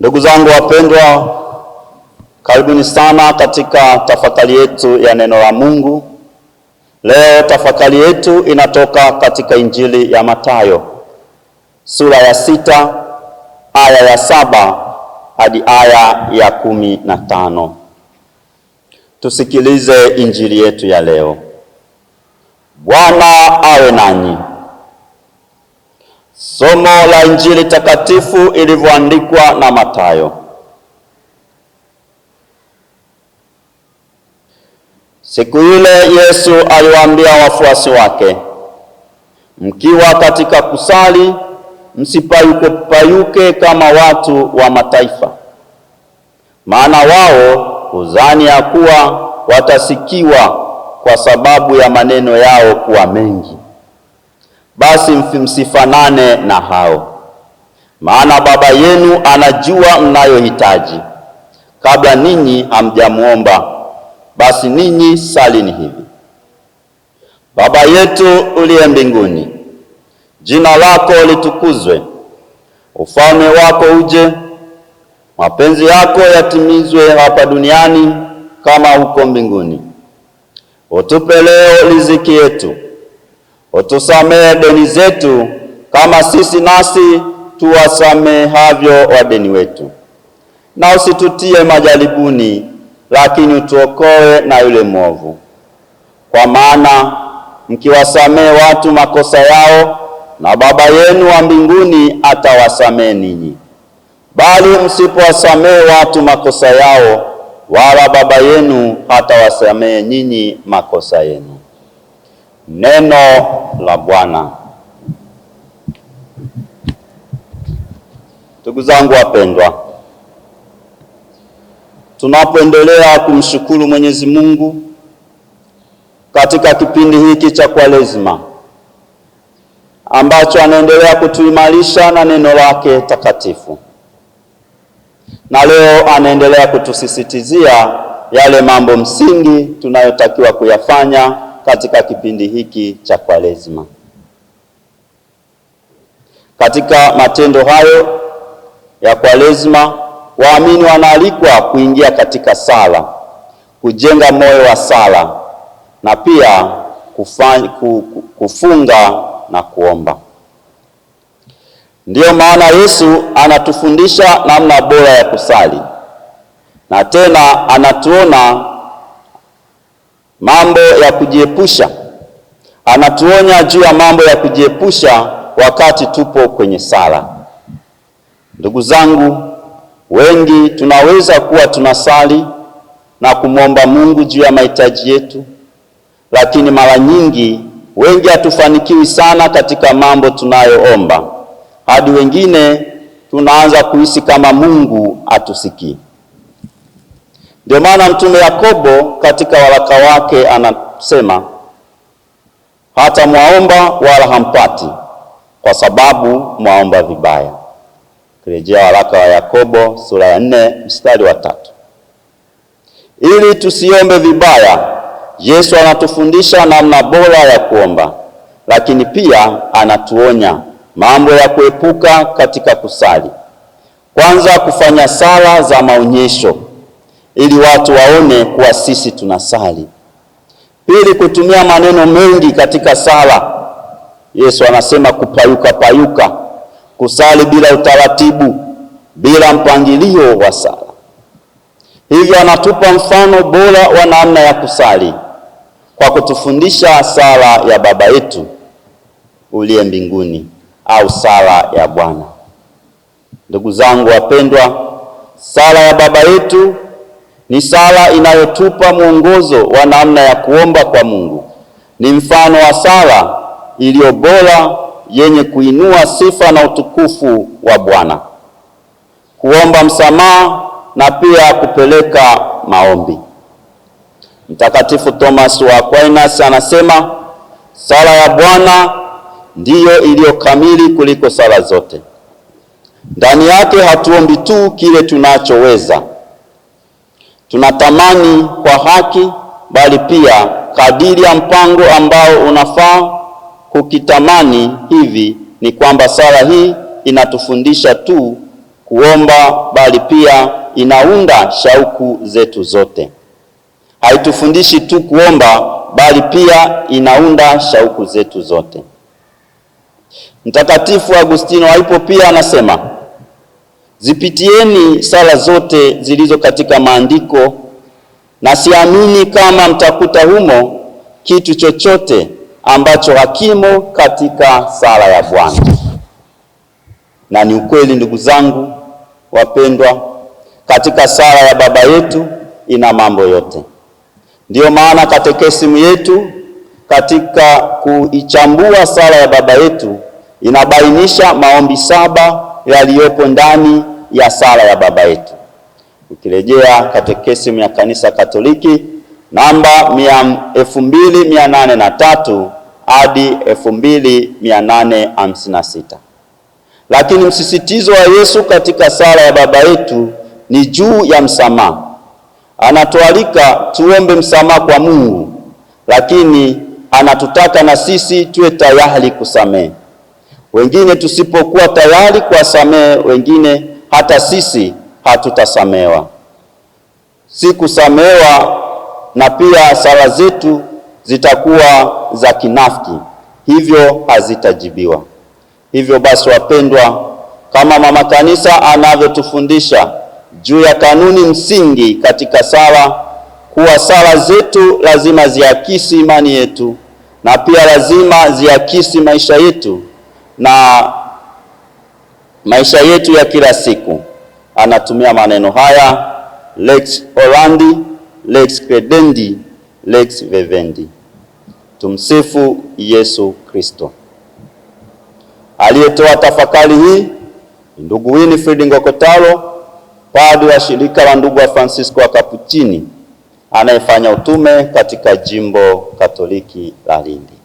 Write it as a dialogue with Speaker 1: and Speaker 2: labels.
Speaker 1: Ndugu zangu wapendwa, karibuni sana katika tafakari yetu ya neno la Mungu. Leo tafakari yetu inatoka katika Injili ya Mathayo sura ya sita aya ya saba hadi aya ya kumi na tano. Tusikilize Injili yetu ya leo. Bwana awe nanyi. Somo la Injili takatifu ilivyoandikwa na Mathayo. Siku ile Yesu aliwaambia wafuasi wake, mkiwa katika kusali msipayuke payuke kama watu wa mataifa, maana wao kuzani ya kuwa watasikiwa kwa sababu ya maneno yao kuwa mengi basi msifanane na hao, maana Baba yenu anajua mnayohitaji kabla ninyi hamjamwomba. Basi ninyi salini hivi: Baba yetu uliye mbinguni, jina lako litukuzwe, ufalme wako uje, mapenzi yako yatimizwe hapa duniani kama huko mbinguni. Utupe leo riziki yetu Utusamehe deni zetu kama sisi nasi tuwasamehavyo wadeni wetu, na usitutie majaribuni, lakini utuokoe na yule mwovu. Kwa maana mkiwasamehe watu makosa yao, na Baba yenu wa mbinguni atawasamehe ninyi, bali msipowasamehe watu makosa yao, wala Baba yenu hatawasamehe ninyi makosa yenu. Neno la Bwana. Ndugu zangu wapendwa, tunapoendelea kumshukuru Mwenyezi Mungu katika kipindi hiki cha Kwaresima ambacho anaendelea kutuimarisha na neno lake takatifu, na leo anaendelea kutusisitizia yale mambo msingi tunayotakiwa kuyafanya katika kipindi hiki cha Kwaresima. Katika matendo hayo ya Kwaresima, waamini wanaalikwa kuingia katika sala, kujenga moyo wa sala na pia kufanya, kufunga na kuomba. Ndiyo maana Yesu anatufundisha namna bora ya kusali na tena anatuona mambo ya kujiepusha, anatuonya juu ya mambo ya kujiepusha wakati tupo kwenye sala. Ndugu zangu, wengi tunaweza kuwa tunasali na kumwomba Mungu juu ya mahitaji yetu, lakini mara nyingi wengi hatufanikiwi sana katika mambo tunayoomba, hadi wengine tunaanza kuhisi kama Mungu atusikii. Ndio maana mtume Yakobo katika waraka wake anasema hata mwaomba wala hampati, kwa sababu mwaomba vibaya. Kurejea waraka wa Yakobo sura ya 4 mstari wa tatu. Ili tusiombe vibaya, Yesu anatufundisha namna bora ya kuomba, lakini pia anatuonya mambo ya kuepuka katika kusali. Kwanza, kufanya sala za maonyesho ili watu waone kuwa sisi tunasali. Pili, kutumia maneno mengi katika sala. Yesu anasema kupayuka payuka, kusali bila utaratibu, bila mpangilio wa sala. Hivyo anatupa mfano bora wa namna ya kusali kwa kutufundisha sala ya Baba yetu uliye mbinguni au sala ya Bwana. Ndugu zangu wapendwa, sala ya Baba yetu ni sala inayotupa mwongozo wa namna ya kuomba kwa Mungu. Ni mfano wa sala iliyo bora yenye kuinua sifa na utukufu wa Bwana, kuomba msamaha na pia kupeleka maombi. Mtakatifu Thomas wa Aquinas anasema sala ya Bwana ndiyo iliyo kamili kuliko sala zote. Ndani yake hatuombi tu kile tunachoweza Tunatamani kwa haki, bali pia kadiri ya mpango ambao unafaa kukitamani. Hivi ni kwamba sala hii inatufundisha tu kuomba, bali pia inaunda shauku zetu zote. Haitufundishi tu kuomba, bali pia inaunda shauku zetu zote. Mtakatifu Agustino alipo pia anasema Zipitieni sala zote zilizo katika maandiko, na siamini kama mtakuta humo kitu chochote ambacho hakimo katika sala ya Bwana. Na ni ukweli, ndugu zangu wapendwa, katika sala ya Baba yetu ina mambo yote. Ndiyo maana katekesimu yetu katika kuichambua sala ya Baba yetu inabainisha maombi saba yaliyopo ndani ya sala ya Baba yetu. Ukirejea katekisimu ya Kanisa Katoliki namba 2803 hadi 2856. Lakini msisitizo wa Yesu katika sala ya Baba yetu ni juu ya msamaha. Anatualika tuombe msamaha kwa Mungu, lakini anatutaka na sisi tuwe tayari kusamehe. Wengine tusipokuwa tayari kuwasamehe wengine, hata sisi hatutasamewa. Si kusamewa na pia sala zetu zitakuwa za kinafiki, hivyo hazitajibiwa. Hivyo basi, wapendwa, kama mama kanisa anavyotufundisha juu ya kanuni msingi katika sala, kuwa sala zetu lazima ziakisi imani yetu na pia lazima ziakisi maisha yetu na maisha yetu ya kila siku. Anatumia maneno haya lex orandi, lex credendi, lex vivendi. Tumsifu Yesu Kristo. Aliyetoa tafakari hii ndugu Winifred Ngokotalo, padri wa shirika la ndugu wa Francisco wa Kapuchini anayefanya utume katika jimbo Katoliki la Lindi.